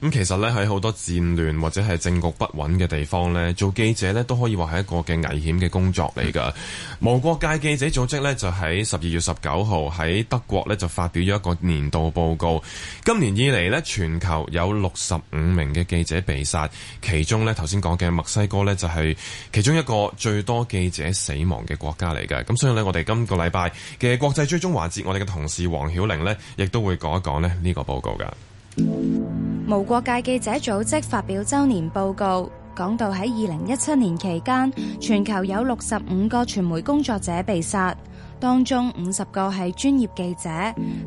咁其實咧喺好多戰亂或者係政局不穩嘅地方呢，做記者呢都可以話係一個嘅危險嘅工作嚟噶。無國界記者組織呢，就喺十二月十九號喺德國呢就發表咗一個年度報告。今年以嚟呢，全球有六十五名嘅記者被殺，其中呢，頭先講嘅墨西哥呢，就係其中一個最多記者死亡嘅國家嚟噶。咁所以呢，我哋今個禮拜嘅國際追蹤環節，我哋嘅同事黃曉玲呢，亦都會講一講咧呢個報告噶。無國界記者組織發表周年報告，講到喺二零一七年期間，全球有六十五個傳媒工作者被殺，當中五十個係專業記者，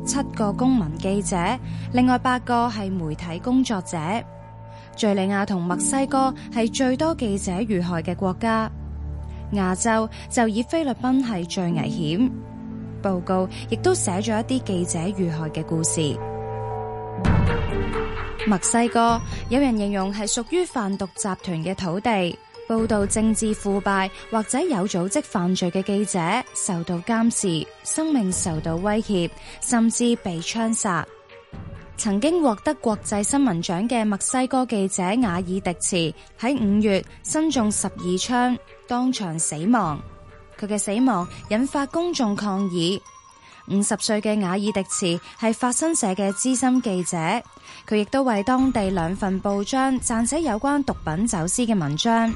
七個公民記者，另外八個係媒體工作者。敘利亞同墨西哥係最多記者遇害嘅國家，亞洲就以菲律賓係最危險。報告亦都寫咗一啲記者遇害嘅故事。墨西哥有人形容係屬於販毒集團嘅土地，報道政治腐敗或者有組織犯罪嘅記者受到監視，生命受到威脅，甚至被槍殺。曾經獲得國際新聞獎嘅墨西哥記者瓦爾迪茨喺五月身中十二槍，當場死亡。佢嘅死亡引發公眾抗議。五十歲嘅瓦爾迪茨係法新社嘅資深記者，佢亦都為當地兩份報章撰寫有關毒品走私嘅文章。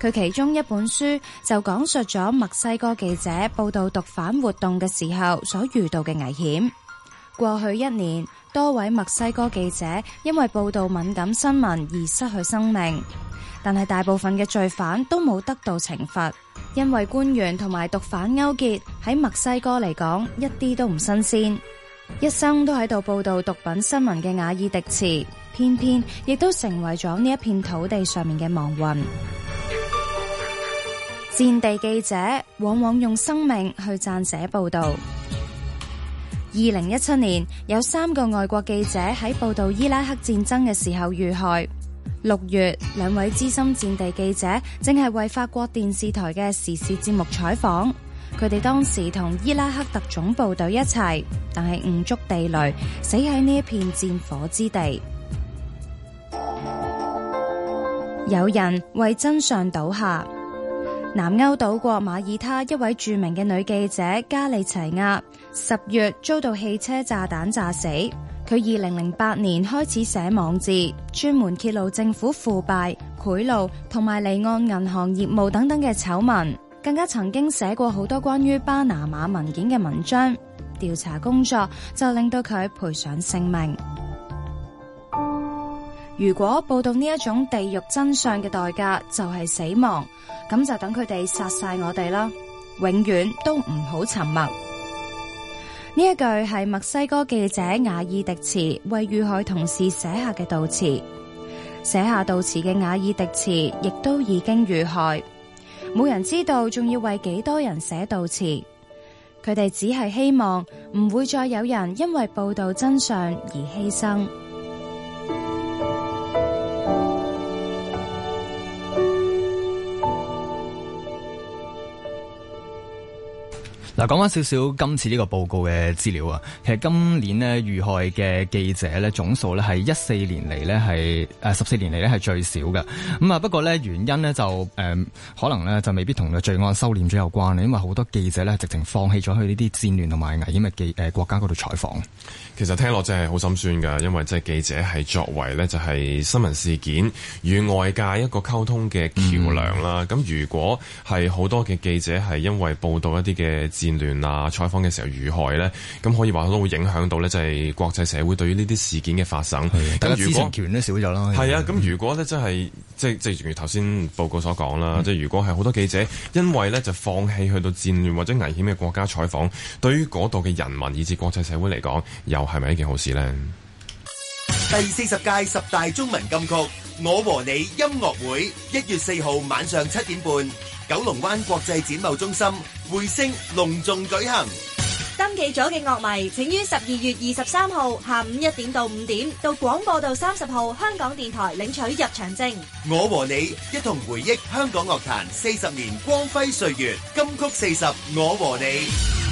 佢其中一本書就講述咗墨西哥記者報道毒販活動嘅時候所遇到嘅危險。過去一年，多位墨西哥記者因為報道敏感新聞而失去生命，但係大部分嘅罪犯都冇得到懲罰。因為官員同埋毒販勾結喺墨西哥嚟講，一啲都唔新鮮。一生都喺度報道毒品新聞嘅瓦爾迪茨，偏偏亦都成為咗呢一片土地上面嘅亡魂。戰地記者往往用生命去撰寫報道。二零一七年，有三個外國記者喺報道伊拉克戰爭嘅時候遇害。六月，兩位資深戰地記者正係為法國電視台嘅時事節目採訪，佢哋當時同伊拉克特種部隊一齊，但係誤觸地雷，死喺呢一片戰火之地。 有人為真相倒下，南歐島國馬耳他一位著名嘅女記者加利齊亞，十月遭到汽車炸彈炸死。佢二零零八年開始寫網誌，專門揭露政府腐敗、賄賂同埋離岸銀行業務等等嘅醜聞，更加曾經寫過好多關於巴拿馬文件嘅文章。調查工作就令到佢賠上性命。如果報道呢一種地獄真相嘅代價就係死亡，咁就等佢哋殺晒我哋啦，永遠都唔好沉默。呢一句係墨西哥記者瓦爾迪茨為遇害同事寫下嘅悼詞，寫下悼詞嘅瓦爾迪茨亦都已經遇害，冇人知道仲要為幾多人寫悼詞，佢哋只係希望唔會再有人因為報道真相而犧牲。嗱，講翻少少今次呢個報告嘅資料啊，其實今年咧遇害嘅記者咧總數咧係一四年嚟，咧係誒十四年嚟咧係最少嘅。咁啊不過咧原因咧就誒、呃、可能咧就未必同個罪案收斂咗有關啊，因為好多記者咧直情放棄咗去呢啲戰亂同埋危險嘅記誒國家嗰度採訪。其實聽落真係好心酸㗎，因為即係記者係作為咧，就係新聞事件與外界一個溝通嘅橋梁啦。咁、嗯、如果係好多嘅記者係因為報導一啲嘅戰亂啊，採訪嘅時候遇害呢，咁可以話都會影響到咧，就係國際社會對於呢啲事件嘅發生。的但知情權都少咗啦。係啊，咁如果咧，即係即係，正如頭先報告所講啦，即係、嗯、如果係好多記者因為呢就放棄去到戰亂或者危險嘅國家採訪，對於嗰度嘅人民以至國際社會嚟講，又係咪一件好事呢？第四十屆十大中文金曲《我和你》音樂會一月四號晚上七點半，九龍灣國際展貿中心匯星隆重舉行。登記咗嘅樂迷，請於十二月二十三號下午一點到五點，到廣播道三十號香港電台領取入場證。我和你一同回憶香港樂壇四十年光輝歲月，金曲四十，我和你。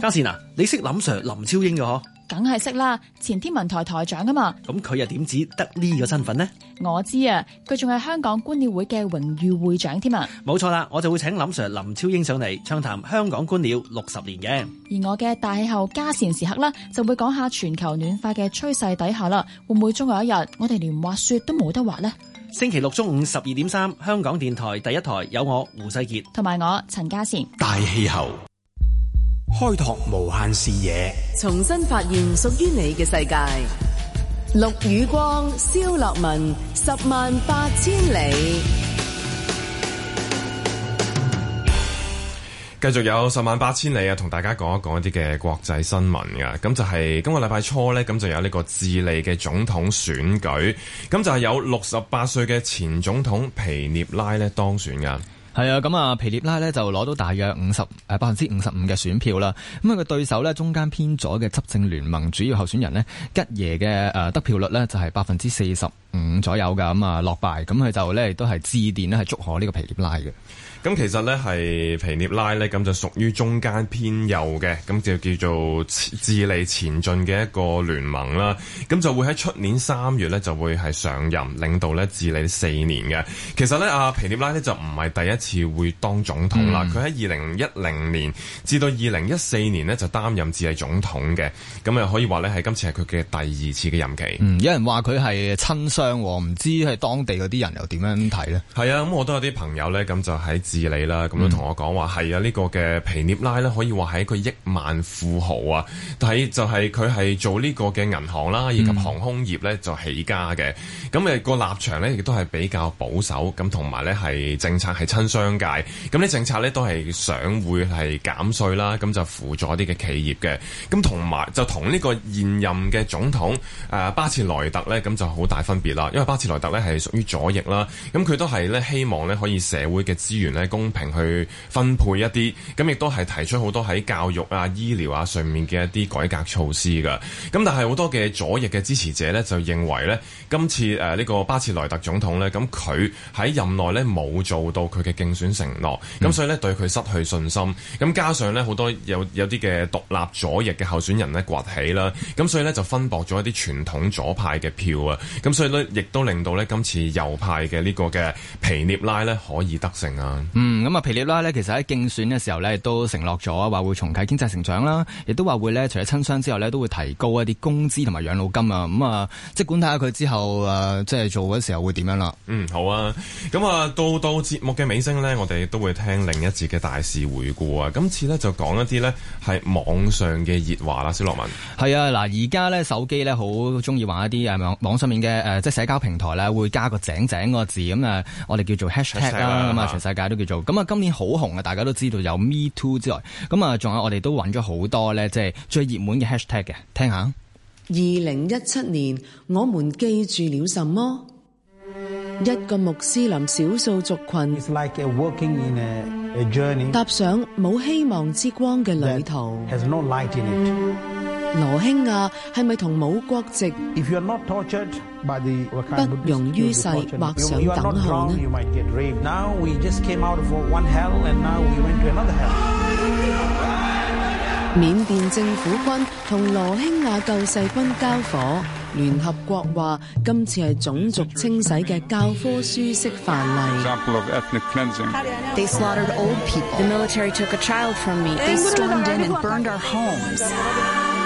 嘉善啊，你識林 Sir 林超英嘅嗬？梗係識啦，前天文台台長啊嘛。咁佢、嗯、又點止得呢個身份呢？我知啊，佢仲係香港觀鳥會嘅榮譽會長添啊。冇錯啦，我就會請林 Sir 林超英上嚟暢談香港觀鳥六十年嘅。而我嘅大氣候嘉善時刻啦，就會講下全球暖化嘅趨勢底下啦，會唔會終有一日我哋連滑雪都冇得滑呢？星期六中午十二點三，3, 香港電台第一台有我胡世杰同埋我陳嘉善大氣候。開拓無限視野，重新發現屬於你嘅世界。陸宇光，蕭樂文，十萬八千里。繼續有十萬八千里啊！同大家講一講一啲嘅國際新聞噶，咁就係、是、今個禮拜初咧，咁就有呢個智利嘅總統選舉，咁就係有六十八歲嘅前總統皮涅拉咧當選噶。係啊，咁啊皮涅拉咧就攞到大約五十誒百分之五十五嘅選票啦。咁佢個對手咧，中間偏左嘅執政聯盟主要候選人咧吉爺嘅誒得票率咧就係百分之四十五左右噶，咁啊落敗。咁佢就咧亦都係致電咧係祝賀呢個皮涅拉嘅。咁其實呢，係皮涅拉呢，咁就屬於中間偏右嘅，咁就叫做智利前進嘅一個聯盟啦。咁就會喺出年三月呢，就會係上任，上任領導呢治理四年嘅。其實呢，阿皮涅拉呢，就唔係第一次會當總統啦。佢喺二零一零年至到二零一四年呢，就擔任智利總統嘅，咁啊可以話呢，係今次係佢嘅第二次嘅任期。嗯，有人話佢係親商，唔知係當地嗰啲人又點樣睇呢？係啊，咁我都有啲朋友呢，咁就喺。治理啦，咁樣同我講話係啊，呢、這個嘅皮涅拉咧可以話係一個億萬富豪啊！但係就係佢係做呢個嘅銀行啦，以及航空業咧就起家嘅。咁、那、誒個立場咧亦都係比較保守，咁同埋咧係政策係親商界。咁呢政策咧都係想會係減稅啦，咁就扶助啲嘅企業嘅。咁同埋就同呢個現任嘅總統誒、呃、巴切萊特咧，咁就好大分別啦。因為巴切萊特咧係屬於左翼啦，咁佢都係咧希望咧可以社會嘅資源。公平去分配一啲，咁亦都係提出好多喺教育啊、醫療啊上面嘅一啲改革措施噶。咁但係好多嘅左翼嘅支持者咧，就認為咧今次誒呢、呃呢個巴切萊特總統咧，咁佢喺任內咧冇做到佢嘅競選承諾，咁所以咧對佢失去信心。咁加上咧好多有有啲嘅獨立左翼嘅候選人咧崛起啦，咁所以咧就分薄咗一啲傳統左派嘅票啊。咁所以咧亦都令到咧今次右派嘅呢個嘅皮涅拉咧可以得勝啊。嗯，咁啊皮烈拉咧，其實喺競選嘅時候咧，亦都承諾咗話會重啟經濟成長啦，亦都話會咧除咗親商之後咧，都會提高一啲工資同埋養老金啊。咁、嗯、啊，即管睇下佢之後誒、呃，即係做嘅時候會點樣啦。嗯，好啊。咁啊，到到節目嘅尾聲咧，我哋都會聽另一節嘅大事回顧啊。今次咧就講一啲咧係網上嘅熱話啦。小樂文係啊，嗱，而家咧手機咧好中意玩一啲誒網網上面嘅誒、呃、即係社交平台咧會加個井井個字咁、嗯、啊，我哋叫做 hashtag 啦。咁啊，全世界都。啊啊叫做咁啊！今年好紅啊，大家都知道有 Me Too 之外，咁啊，仲有我哋都揾咗好多咧，即係最熱門嘅 Hashtag 嘅，聽下。二零一七年，我們記住了什麼？一個穆斯林少數族群 It's like walking in a journey，踏上冇希望之光嘅旅途，that has no light in it。羅興亞係咪同冇國籍不容於世畫上等號呢？緬甸政府軍同羅興亞救世軍交火，聯合國話今次係種族清洗嘅教科書式範例。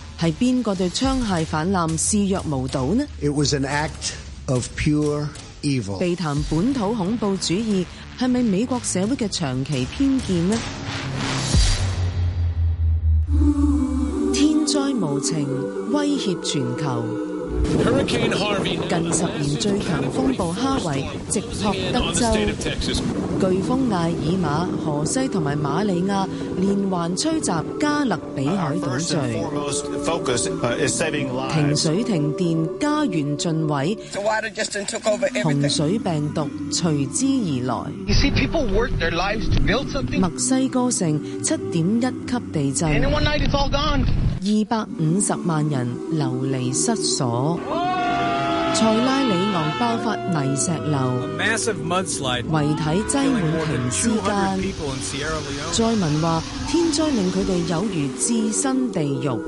係邊個對槍械氾濫視若無睹呢？It was an act of pure evil. 避談本土恐怖主義係咪美國社會嘅長期偏見呢？ 天災無情，威脅全球。近十年最強風暴哈維直撲德州，颶風艾爾瑪、何西，西同埋瑪里亞連環吹襲加勒比海島群，停水停電，家園盡毀，洪、so、水病毒隨之而來。See, 墨西哥城七點一級地震。二百五十萬人流離失所，oh! 塞拉里昂爆發泥石流，遺體擠滿停屍間。災民話，話：天災令佢哋有如置身地獄。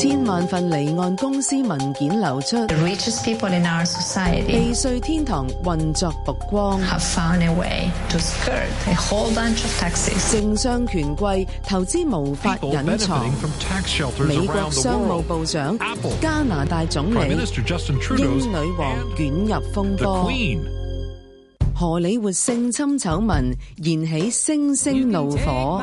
千萬份離岸公司文件流出，避稅天堂運作曝光，政商權貴投資無法隱藏。美國商務部長、加拿大總理、英女王捲入風波，荷里活性侵醜聞燃起星星怒火。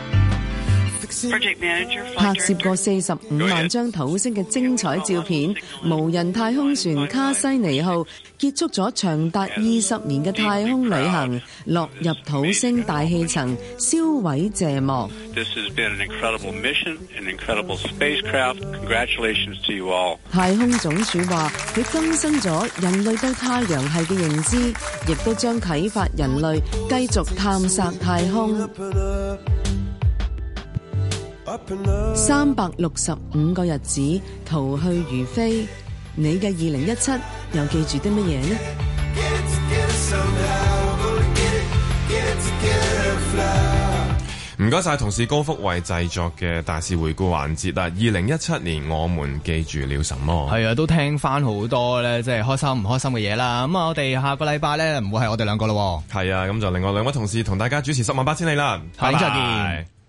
Manager, er, 拍攝過四十五萬張土星嘅精彩照片，無人太空船卡西尼號結束咗長達二十年嘅太空旅行，落入土星大氣層，銷毀謝幕。Mission, 太空總署話，佢更新咗人類對太陽系嘅認知，亦都將啟發人類繼續探索太空。三百六十五個日子，逃去如飛。你嘅二零一七又記住啲乜嘢呢？唔該晒， 謝謝同事高福衛製作嘅大事回顧環節啦。二零一七年，我們記住了什麼？係啊，都聽翻好多咧，即係開心唔開心嘅嘢啦。咁啊，我哋下個禮拜咧，唔會係我哋兩個咯。係啊，咁就另外兩位同事同大家主持十萬八千里啦。下期再見。Bye bye